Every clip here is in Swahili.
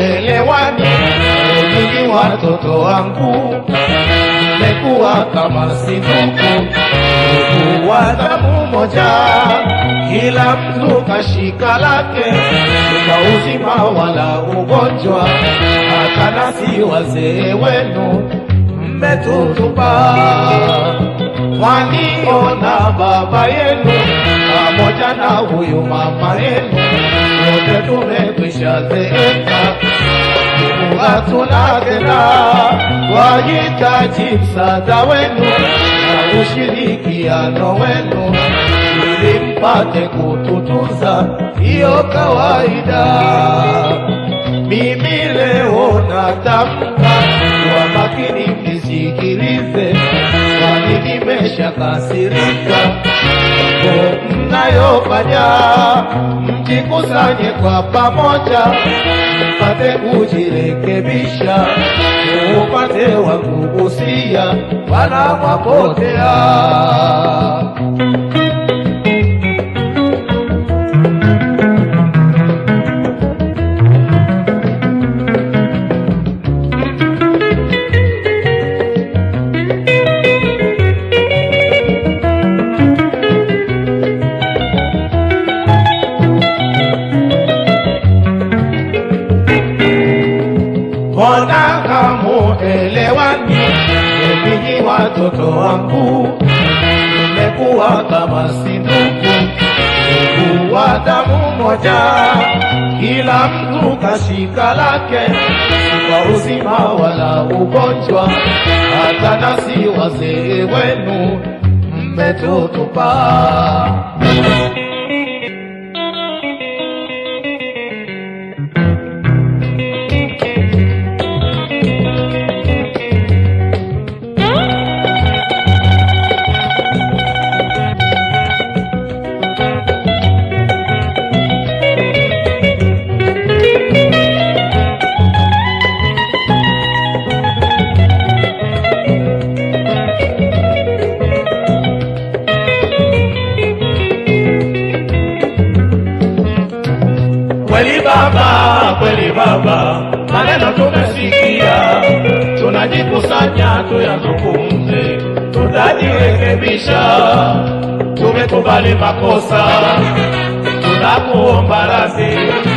elewani, mimi watoto wangu mekuwa kama sibuku, mekuwa damu moja, kila mtu kashika lake, kwa uzima wala ugonjwa, hata wazee wenu mmetutupa mwaliona baba yenu pamoja na huyu mama yenu Umeshazeka, watu tena wahitaji msaada wenu na ushirikiano wenu ili mpate kututunza, siyo kawaida. Mimi leo natamka kwa makini, mnisikilize, kwani nimeshakasirika mlivyofanya, mjikusanye kwa pamoja, mpate kujirekebisha, upate wa kugusia wanapopotea. nyinyi watoto wangu, mmekuwa kama sinduku, kuwa damu moja, kila mtu kashika lake, si kwa uzima wala ugonjwa, hata nasi wazee wenu mmetutupa. Kweli baba, kweli baba, maneno tumesikia, tunajikusanya tuyazungumze, tutajirekebisha. Tumekubali makosa, tunakuomba radhi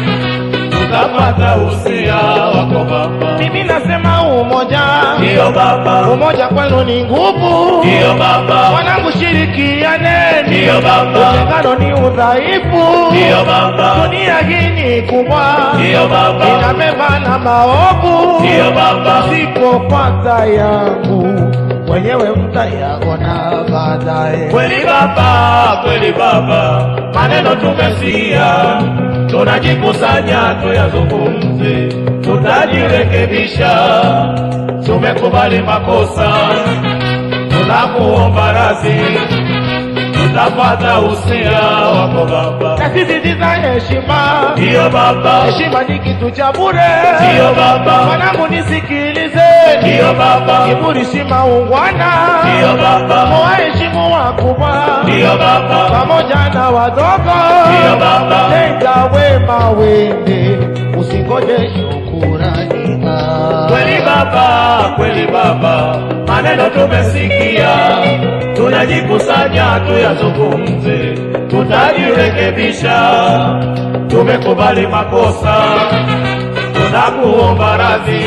Napata usia wako baba. Mimi nasema umoja. Ndio baba. Umoja kwenu ni nguvu. Ndio baba. Wanangu shirikiane. Ndio baba. Utengano ni udhaifu. Ndio baba. Dunia hii ni kubwa. Ndio baba. Inabeba na maovu. Ndio baba. sipo kwanza yangu wenyewe mtayaona baadaye. Kweli baba, kweli baba, maneno tumesia tunajikusanya tuyazungumze, tutajirekebisha. Tumekubali makosa, tunakuomba radhi utapata usia wako baba, nasisitiza heshima. Ndiyo baba, heshima ni kitu cha bure. Ndiyo baba, mwanangu nisikilize. Ndiyo baba, kiburi si maungwana. Ndiyo baba, waheshimu wakubwa. Ndiyo baba, pamoja na wadogo. Ndiyo baba, tenda wema wende, usingoje shukurani. Kweli baba, kweli baba maneno tumesikia, tunajikusanya tuyazungumze, tutajirekebisha. Tumekubali makosa, tunakuomba radhi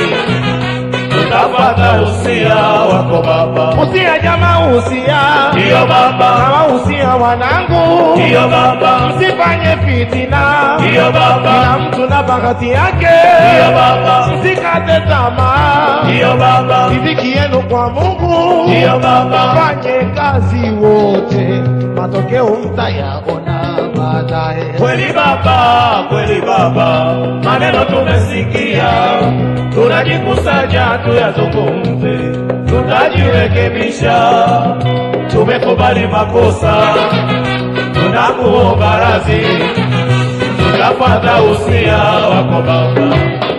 utapata usia wako baba. Usia jamaa, usia ndio baba, na usia wanangu ndio baba, msifanye fitina ndio baba, na mtu na bahati yake ndio baba, msikate tamaa ndio baba, riziki yenu kwa Mungu ndio baba, fanye kazi wote, matokeo mtayaona baadaye. Kweli baba, kweli baba, maneno tumesikia, tunajikusanya tu tuyazungumze, tunajirekebisha. Tumekubali makosa, tunakuomba radhi, tutapata usia wako Baba.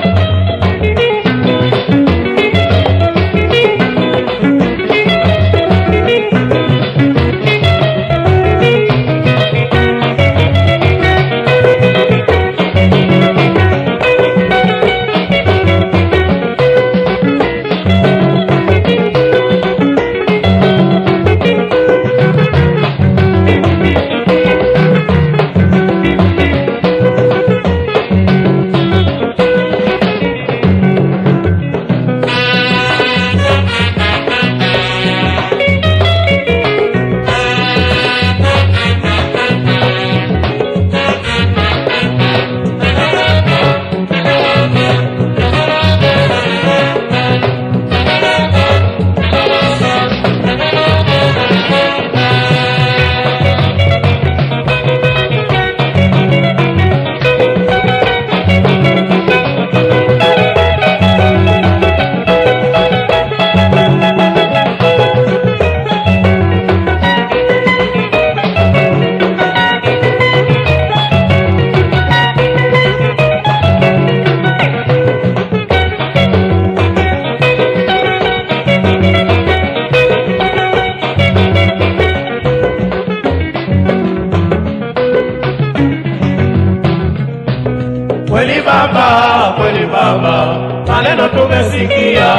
Kweli Baba, kweli Baba, maneno tumesikia,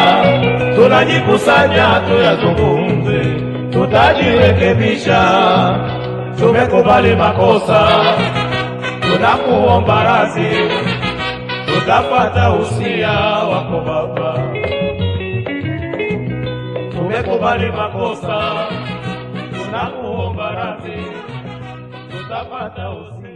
tunajikusanya tuyazungumze, tutajirekebisha. Tumekubali makosa, tunakuomba radhi, tutafuata usia wako Baba. Tumekubali makosa, tunakuomba radhi, tutafuata usia